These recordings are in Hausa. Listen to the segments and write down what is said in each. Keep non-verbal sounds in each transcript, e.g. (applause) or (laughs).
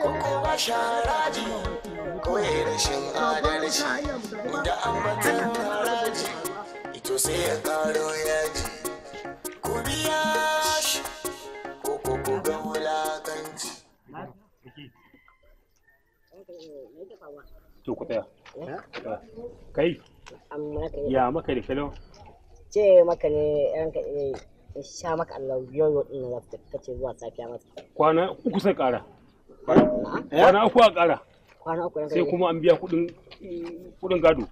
ko sharaji ko rashin adalci da ambatan haraji ito sai ya karo yaji ku biya shi ko ko ku ga wulakanci to ku tsaya kai ya maka da shalom ce maka ne ranka eh, sha maka allau yoyo din kace zuwa safiya mata kwana kara kwana uku a ƙara sai kuma an biya kuɗin gado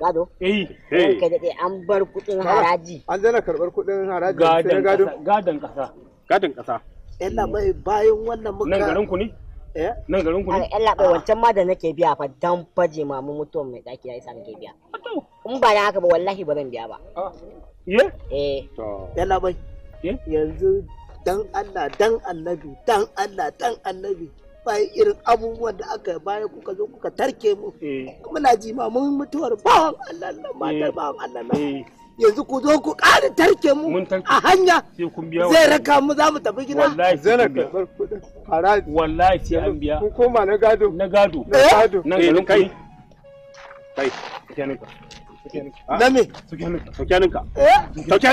gado eh eh an bar kuɗin haraji an zana karɓar haraji gado gadon ƙasa gadon ƙasa bayan wannan muka nan garin ku ne eh? nan garin ku ne ah. wancan ma da nake biya fa dan faje mamu mutum mai daki ya isa nake biya in ba haka ba wallahi ba zan biya ba ah. eh eh to yanzu dan Allah dan annabi dan Allah dan annabi bayan irin abubuwan da aka baya kuka zo kuka tarke mu eh. muna ji ma mun mutuwar bawan Allah na eh. matar bawan Allah eh. yanzu ku zo ku ƙara tarke mu a hanya zai raka mu za mu tafi gida wallahi zai raka wallahi sai an biya ku koma na gado na gado na gado na gado kai kai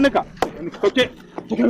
ka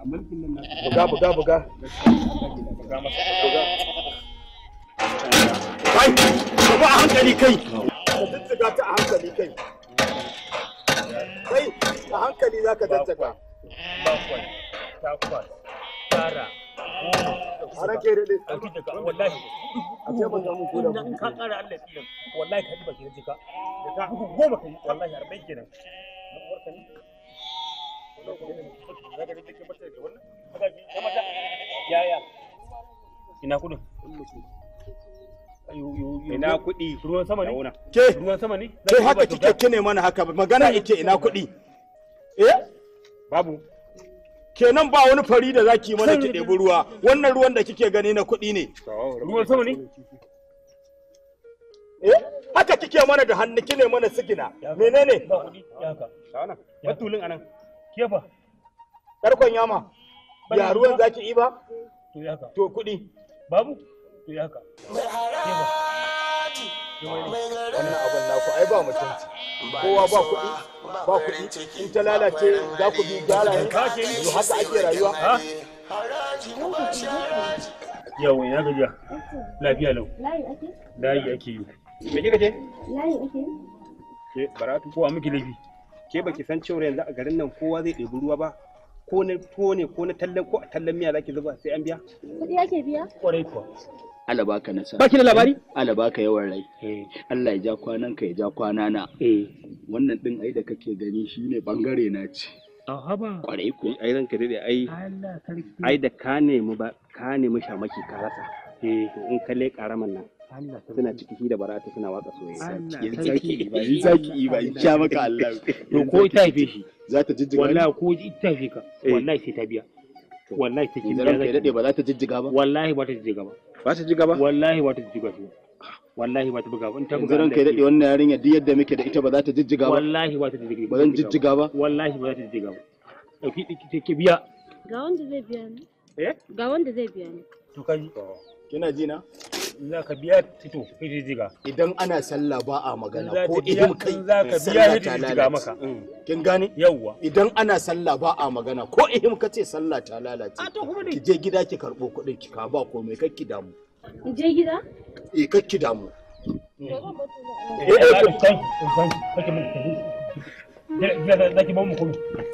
buga buga buga kai ba a hankali kai ka ta a hankali kai kai a hankali za ka daddaga bakwai takwas tara har ke rede wallahi a ce ban gamu ko da ka kara Allah tsirin wallahi ka ji baki da jika da ka goma kai wallahi arba'in kenan na uwarka ina kudin ina kudi ruwan sama ne ke ruwan sama ne ke haka kike kine mana haka magana yake ina kudi eh babu kenan ba wani fari da zaki mana ki ɗebi ruwa wannan ruwan da kike gani na kuɗi ne ruwan sama ne eh haka kike mana da hannu kine mana sigina menene ba kuɗi haka batulin anan kefa Tarkon yama. Ya ruwan zaki iba? To yaka. To kuɗi. Babu? To yaka. Mai Wannan abin ku ai ba mutunci. Kowa ba kuɗi, ba kuɗi. In ta lalace za ku bi galaye. To haka ake rayuwa. Yawon ya gajiya. Lafiya lau. Layi ake yi. Me kika ce? Layi ake yi. Ke baratu kowa miki laifi. Ke baki san cewa yanzu a garin nan kowa zai ɗebi ruwa ba. ko na tuwo ne ko na tallan ko a tallan miya zaki zuba sai an biya kuɗi ake biya kwarai kuwa Allah baka nasa baki da labari Allah baka yawan rai eh. Allah ya ja kwanan ka ya ja kwana na eh. wannan din ai da kake gani shine bangare na ce Ahaba. Kwarai ko. Ai ranka dai ai. Ai da ka nemi ba ka nemi shamaki ka rasa. Eh to in ka leƙa nan. suna ciki shi da barata suna watsa soyayya yanzu zaki ba yanzu zaki ba in sha maka Allah (laughs) to ko ita haife shi za ta jijjiga wallahi ko ita haife ka eh. wallahi sai ta biya wallahi ta kin da dade ba za ta jijjiga ba wallahi ba ta jijjiga ba ba ta jijjiga ba wallahi ba ta jijjiga ba wallahi ba ta buga ba in ta buga zan kai dade wannan yarinya duk yadda muke da ita ba za ta jijjiga ba wallahi ba ta jijjiga ba zan jijjiga ba wallahi ba za ta jijjiga ba dauki take biya ga wanda zai biya ni eh ga wanda zai biya ni to kai kina ji na za ka biya tito idan ana sallah ba a magana ko idan kai za ka biya hijiga maka kin gane yawwa idan ana sallah ba a magana ko ihim ka ce sallah ta lalace ki je gida ki karbo kuɗin ki ka ba komai kakki damu je gida eh kakki damu eh eh kai kai kai